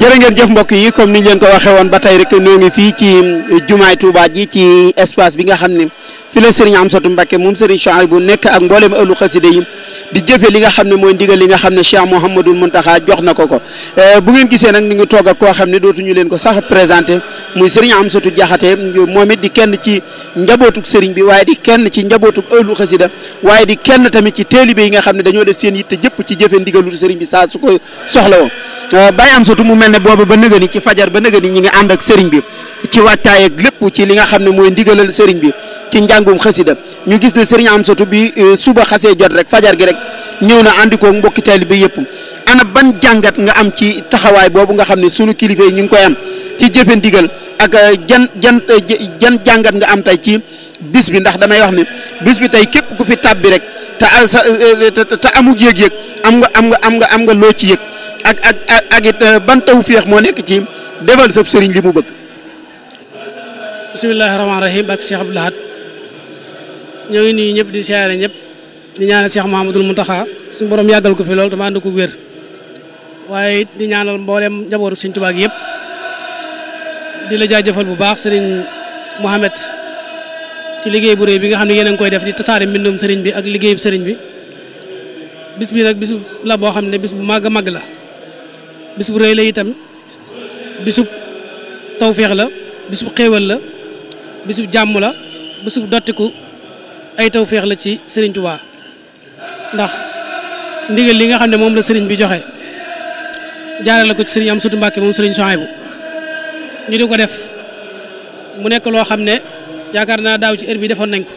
jërë ngeen jëf mbokk yi comme niñ leen ko waxee woon ba tey rek ñoo ngi fii ci eh, jumaay Touba ji ci espace bi nga xam ne fi la Serigne Amsatou Mbacke moom Serigne Chouaïbou bu nekk ak mboolem ëllu xaside yi di jëfe li nga xam ne mooy ndigal nga xam ne Cheikh Mouhamadul Mountakha jox na ko ko eh, bu ngeen gisee nag ni ngi toog ak koo xam ne dootuñu leen ko sax présenté muy Serigne Amsatou Diakhaté moom it di kenn ci njabootuk Serigne bi waaye di kenn ci njabootuk ëllu xasida waaye di kenn tamit ci taalibe yi nga xam ne dañoo def seen yitte jëpp ci jëfe ndigalul Serigne bi saa su ko soxla woo eh, ne bobu ba neugani ci fajar ba neugani ñi nga and ak serigne bi ci wataay ak lepp ci li nga xamne moy ndigalal serigne bi ci njangum khassida ñu gis ne serigne am bi euh, suba xasse jot rek fajar gi rek ñew na àndikoo mbokki bi yépp ana ban jangat nga am ci taxaway bobu nga xamne sunu kilife yi ñu ngi koy am ci jëfe ndigal ak euh, jan jan euh, jan jangat nga am tay ci bis bi ndax damay wax ne bis bi tay kep ku fi tabbi rek ta ta amu yëg-yëg am nga am nga am nga lo ci ak ak ak ak it euh, ban tawfiix moo nekk ci defal sa serigne limu bëgg. bisimilah ak Cheikh Abdou Lahad ñoy ni nuyu di siyaare ñëpp di ñaan Cheikh Mouhamadul muntaha suñu borom yagal ko fi lol dama ànd ko wér di ñaanal mbolem njabootu Sëriñ Tuubaa yépp di la jaajeufal bu baax serigne mohammed ci liggéey bu reey bi nga xamni yeen def di tassare mbindum serigne bi ak liggéeyub serigne bi bis bi bisu la bo xamne ne bis bu la. bis bu rëy la itam bisub tawféex la bisub xéewal la bisub jàmm la bisub dottiku ay tawféex la ci sëriñ Serigne waa ndax ndigal li nga xam ne moom la sëriñ bi joxe la ko ci Serigne Amsatou Mbacké moom Serigne Souhaïbou ñu di ko def mu nekk loo xam ne yaakaar naa daaw ci heure bi defoon nañ ko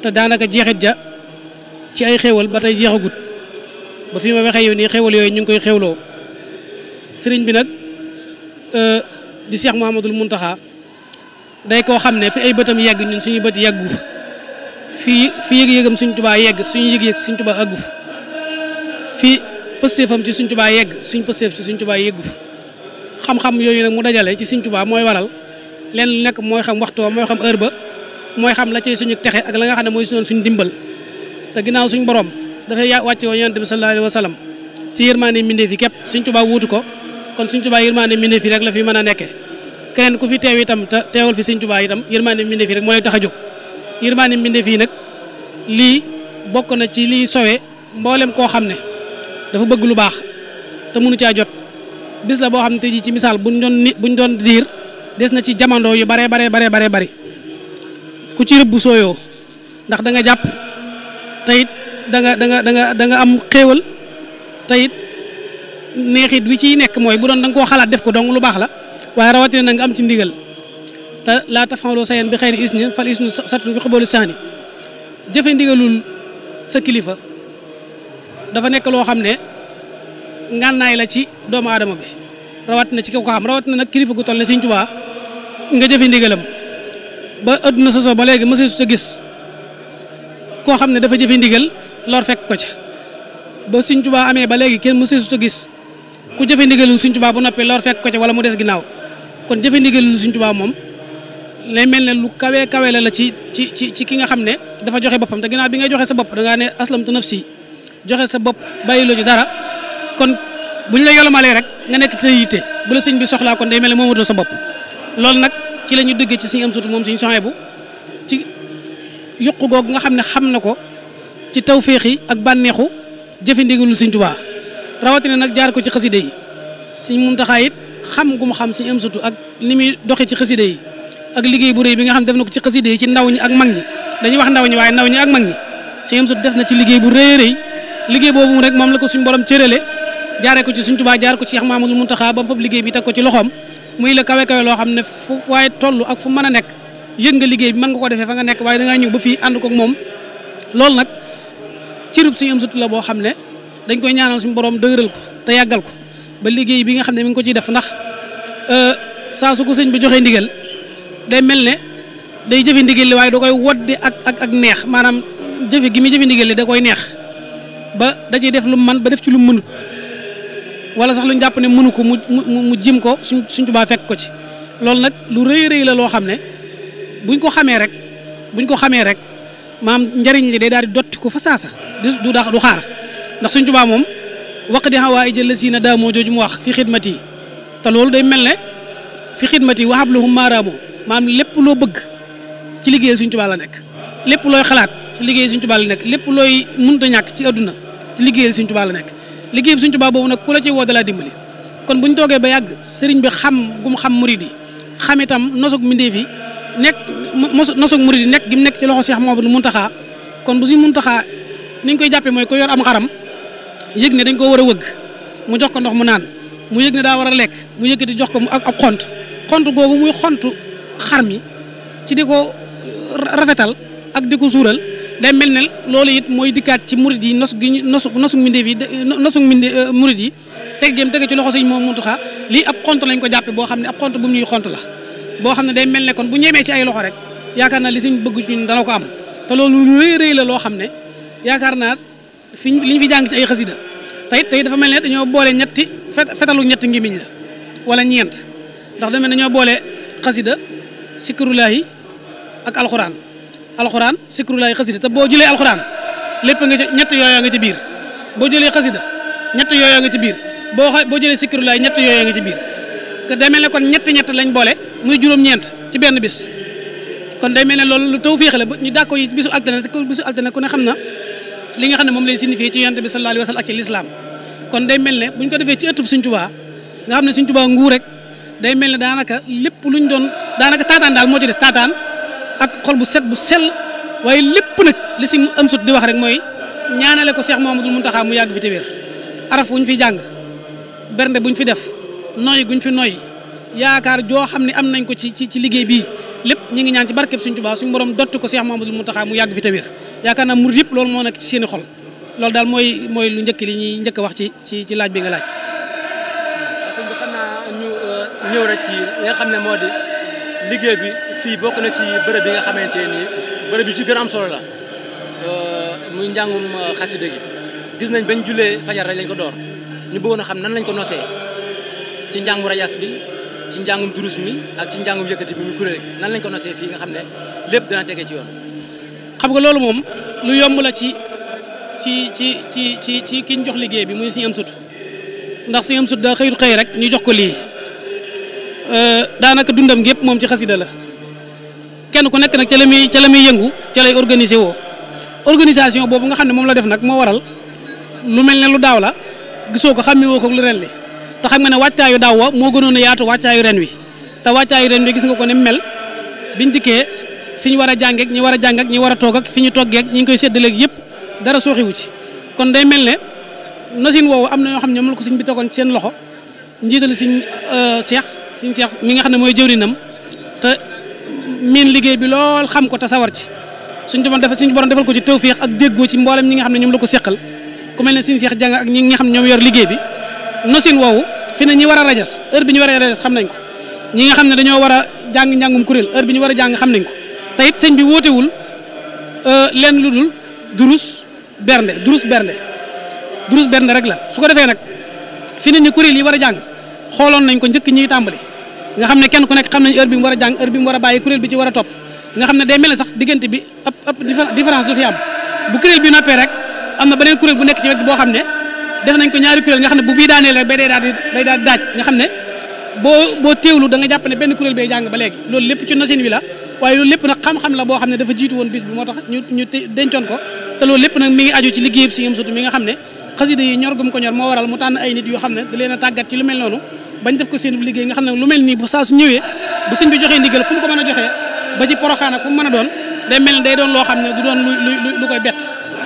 te daanaka jeexit ja ci ay xéewal ba tey jeexagut ba fi ma waxee yow nii xéewal yooyu ñu ngi koy xéewloo. serigne bi euh di Cheikh Mouhamadul muntaha day ko xamne fi ay beutam yegg ñun suñu beut yeggu fi fi yëg yegam suñu tuba yegg suñu yëg-yëg suñu tuba aggu fi pesefam ci suñu tuba yegg suñu pëstéef ci suñu tuba yeggu xam-xam yooyu nak mu dajale ci suñu tuba moy waral Len nak moy xam waxto moy xam heure ba moy xam la cay suñu texe ak la nga xamne moy suñu dimbal te ginaaw suñu borom dafay wàcce woon yonent bi sallallahu Alaihi Wasallam. ci yërmaande minde fi kep suñu tuba wutuko ko kon seigne touba yermane mbindéef fi rek la fi meuna a nekke keneen ku fi tew itam teewul fi seigne touba itam yermane mbindéef fi rek moy taxaju yermane a fi nak li bokk na ci li sowe mbollem ko xamne dafa bëgg lu baax te mënu a jot bis la bo xamne ne ji ci misal buñ don buñ don dir des na ci jamando yu bare bare bare bare bare ku ci rebb soyo ndax da nga japp tayit da nga da nga da nga am xewal tayit neexit wi ciy nekk mooy bu doon da nga koo xalaat def ko dong lu baax la waaye rawatina na nga am ci ndigal te laa tafaloo sayen bi xëyri isni fal isnu sattu fi xubalu saani jëfe ndigalul sa kilifa dafa nekk loo xam ne ngànnaay la ci doomu adama bi rawatina ci ko ko xam rawatina nag kilifa gu toll ne Sëñ Tuubaa nga jëfe ndigalam ba adduna sosoo ba léegi mësee su sa gis koo xam ne dafa jëfe ndigal lor fekk ko ca ba Sëñ Tuubaa amee ba léegi kenn mësee su sa gis ku jëfe ndigalul Sëriñ bu noppé lor fekk ko ci wala mu dess ginnaw kon jëfe ndigalul Sëriñ Tuubaa moom lay mel ne lu kawé kawé la ci ci ci ki nga xamné dafa joxé bopam da ginnaw bi nga joxé sa bop da né ne tu nafsi joxé sa bop bayilo ci dara kon buñ la yolomalee rek nga nek ci sa yitte bu la sëñ bi soxla kon day melni momu moomatoo sa bop lol nak ci lañu ñu ci suñu am sutu mom suñu soxee bu ci yokku gog nga xamné ne ci tawféex ak bànneexu jëfe ndigalul rawatina nag jaar ko ci xasida yi suñ Muntaxa it xam gu mu xam Sëñ Amsatu ak ni muy doxee ci xasida yi ak liggéey bu rëy bi nga xam def na ko ci xasida yi ci ndaw ñi ak mag ñi dañuy wax ndaw ñi waaye ndaw ñi ak mag ñi Sëñ Amsatu na ci liggéey bu rëy rëy liggéey boobu rek moom la ko suñ borom cërale jaaree ko ci suñ Tuubaa jaar ko ci Cheikh Mamadou Muntaxa ba mu fab liggéey bi ko ci loxoom muy la kawe kawe loo xam ne fu waaye toll ak fu mën a nekk yëg nga liggéey bi mën nga ko defee fa nga nekk waaye dangaa ñëw ba fii ànd ko ak moom loolu nag cërub Sëñ Amsatu la boo xam ne dañ koy ñaanal suñu borom dëgëral ko te yàggal ko ba liggéey bi nga xam ne mi ngi ko ciy def ndax euh, saa su ko sëñ bi joxee ndigal day mel ne day jëfe ndigal li waaye da koy woddi ak ak ak neex maanaam jëfe gi mi jëfe ndigal li da koy neex ba da ciy def lu man ba def ci lu mënut wala sax lu jàpp ne mënu ko mu mu mu jim ko suñ suñ tubaa fekk ko ci loolu nag lu rëy rëy la loo xam ne buñ ko xamee rek buñ ko xamee rek maam njariñ li day daal di dotti ko fa saasa du du xaar ndax suñ tubaa moom waq di xawaa ijël la si na daamoo jooju mu wax fi xidmat yi te loolu day mel ne fi xidmat yi waxab lahum maaraamoo maanaam lépp loo bëgg ci liggéey suñ tubaa la nekk lépp looy xalaat liggéey suñ tubaa la nekk lépp looy munta ñàkk ci adduna ci liggéey suñ tubaa la nekk liggéey suñ tubaa boobu nag ku la ci woo dalaa dimbali kon buñ toogee ba yàgg sëriñ bi xam gum xam murid yi xam itam nosog mbindéef yi nekk nosog murid yi nekk gi nekk ci loxo Seex Mamadu Muntaxaa kon bu suñ Muntaxaa ni ñu koy jàppee mooy ko yor am xaram yëg ne dañ koo war a wëgg mu jox ko ndox mu naan mu yëg ne daa war a lekk mu di jox ko mu ak xont xont googu muy xontu xar mi ci di ko rafetal ak di ko suural day mel ne loolu it mooy dikkaat ci murid yi nos gi ñu nosu nosu mbindeef yi nosu mbinde euh, murid yi teg géem tege ci loxo si moom Muntaxa lii ab xont lañ ko jàppe boo xam ne ab xont bu mu ñuy xont la boo xam ne day mel ne kon bu ñemee ci ay loxo rek yaakaar naa li sëñ bëgg ci ñun dana ko am te loolu lu rëy rëy la loo xam ne yaakaar naa fiñ liñ fi jang ci ay xasida te tay dafa melni dañu boole ñetti fetalu ñetti ngimiñ la wala ñent ndax dañu mel boole xasida sikrullahi ak alquran alquran sikrullahi xasida ta bo jule alquran lepp nga ci ñett yoyo nga ci biir bo jule xasida ñett yoyo nga ci biir bo bo jule sikrullahi ñett yoyo nga ci biir day mel ne kon ñett ñett lañ boole muy juroom ñent ci benn bis kon day mel ne loolu lu tawfiix la ñu dako yi bisu altine bisu ku ne xamna li nga xam ne moom lay signifié ci yonent bi sallallahu alayhi wa kon day mel ne buñ ko defee ci ëttub Sëñ Tuubaa nga xam ne Sëñ Tuubaa nguur rek day mel ne daanaka lépp luñ doon daanaka taataan daal moo ci des taataan ak xol bu set bu sell waaye lépp nag li si am sut di wax rek mooy ñaanale ko Cheikh Mouhamadoul Mountakha mu yàgg fi te wér araf wuñ fi jàng bernde buñ fi def noy guñ fi noy yaakaar joo xam ne am nañ ko ci ci liggéey bii lépp ñu ngi ñaan ci barkeb Sëriñ Tuubaa suñu borom dott ko Seex Mamadu Muntaxa mu yàgg fi tawér yaakaar naa murid yëpp loolu moo nekk ci seeni xol loolu daal mooy mooy lu njëkk li ñu njëkk a wax ci ci ci laaj bi nga ñu euh, ñëw rek nga xam ne moo di liggéey bi fii bokk na ci bërëb yi nga xamante ni bërëb yi ci gën solo euh, muy njàngum euh, xasida gis nañ bañ julee fajar lañ ko door ñu bëggoon a xam nan lañ ko nosee ci njàngu rajas bi ci njangum durus mi ak ci njangum yëkëti mi mu kuréel nan lañ ko nosé fi nga xamné lepp dana ci yoon xam nga loolu mom lu yomb la ci ci ci ci ci ci kiñ jox liggéey bi muy si sut ndax si sut da xeyul xey rek ñu jox ko lii euh, daanaka dundam gépp mom ci xasida la kenn ku nekk nak ci la ci ca yëngu ci lay organiser wo organisation bobu nga mom la def nak mo waral lu mel lu daw la gisoko ko lu ta xam nga ne wàccaayu wa mo gënon a yaatu waccayu ren wi ta waccayu ren wi gis nga ko ne mel biñ dikkee fiñu wara war ak ñi wara jang ak ñi wara tok ak fiñu ñu ak ñi ngi koy ak yépp dara wu ci kon day mel ne nosin woowu am na ñoo xam ne ñoom la ko siñ bi tegoon seen loxo njiital euh cheikh siñ cheikh mi nga xam moy jëwrinam te min liggéey bi lol xam ko ta sawar ci suñ doon defal suñ borom defal ko ci tawfiq ak déggoo ci mbolam ñi nga xam ne la ko ku mel ne cheikh jang ak ñi nga xam ñom yor liggéey bi nosin woowu fi ne ñi wara rajas heure bi ñu wara rajas xam nañ ko ñi nga xam ne dañoo wara jang jangum kurel heure bi ñu wara jang xam nañ ko tayit señ bi bi wul euh len dul durus bernde durus bernde durus bernde rek la su ko defé nak fi ne ni kurel yi wara jang xolon nañ ko njëkk ñi tambali nga xam ne kenn ku nek xam nañ heure bi mu wara jang heure bi mu wara a kurel bi ci wara top nga xam ne day mel sax digënté bi ëpp ëpp différence du fi am bu kurel bi noppé rek amna na kurel bu nek ci wet bo xamne def nañ ko ñaari kuréel nga xam ne bu bii daaneel rek ba day daal di day daaj nga xam ne boo boo teewlu da jàpp ne benn kuréel bay jàng ba léegi loolu lépp ci nosin wi la waaye loolu lépp boo xam ne dafa jiitu woon bis bi moo tax ñu ñu dencoon ko te loolu lépp nag mi ngi aju ci liggéeyam si ngam sutu mi nga xam ne xasida yi ñor ko ñor moo waral mu tànn ay nit yoo xam ne da leen a tàggat ci lu mel noonu bañ def ko seen liggéey nga xam ne lu mel nii bu saa su ñëwee bu sëñ bi joxee ndigal fu mu ko mën a joxee ba ci poroxaan fu mu a doon day mel ne day doon loo xam ne du doon lu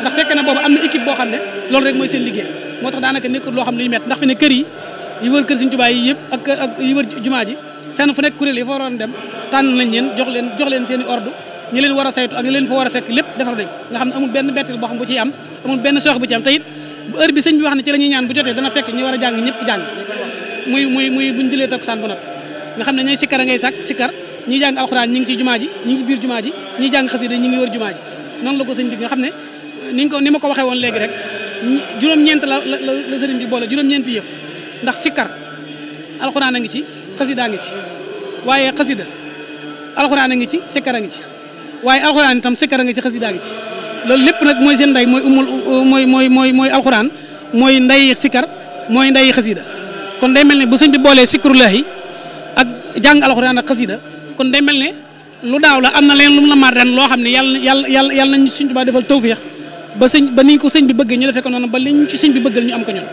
ndax fekk na boobu am na équipe boo xam ne loolu rek mooy seen liggéey moo tax daanaka nekkul loo xam ne lu ñu ndax fi kër yi yi wër kër Sëriñ Tuubaa yi yi wër jumaa ji fenn fu nekk kuréel yi jox leen jox leen seen i leen war a saytu ak a fekk lépp defar nañ nga xam ne amul benn bettel boo xam bu ciy am amul benn soox bu ci am te it bu heure bi a jàng ñëpp jàng muy muy muy buñ a ngay sàkk alxuraan ñi ci jumaa ji ñi ngi biir jumaa ji ñi ji noonu la ko sëñ nga xam ne ni ko ni ma ko waxee woon léegi rek juróom-ñeent la la sëriñ bi boole juróom-ñeenti yëf ndax sikkar alxuraan a ngi ci xasida ci waaye xasida alxuraan a ngi ci sikkar a ngi ci waaye alxuraan tam sikkar a ngi ci xasida a ngi ci loolu lépp nag mooy seen ndey mooy umul mooy mooy mooy mooy alxuraan mooy ndey sikkar mooy ndey xasida kon day mel ni bu sëñ bi boolee sikkurulahi ak jàng alxuraan ak xasida kon day mel ne lu daaw la am na leen lu mu a mar loo xam ne yàlla yàlla yàlla nañu suñ Tuubaa defal tawfeex ba sëñ ba niñ ko sëñ bi bëggee ñu defee ko noonu ba liñ ci sëñ bi bëggal ñu am ko ñun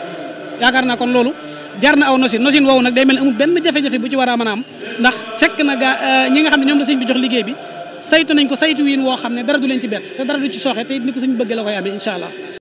yaakaar naa kon loolu jar na aw nosin nosin woowu nag day mel ne amul benn jafe-jafe bu ci war a am ndax fekk na gaa eh, ñi nga xam ne ñoom la sëñ bi jox liggéey bi saytu nañ ko saytu wiin woo xam ne dara du leen ci bett te dara du ci sooxe te ni ko sëñ bi bëggee la koy amee incha allah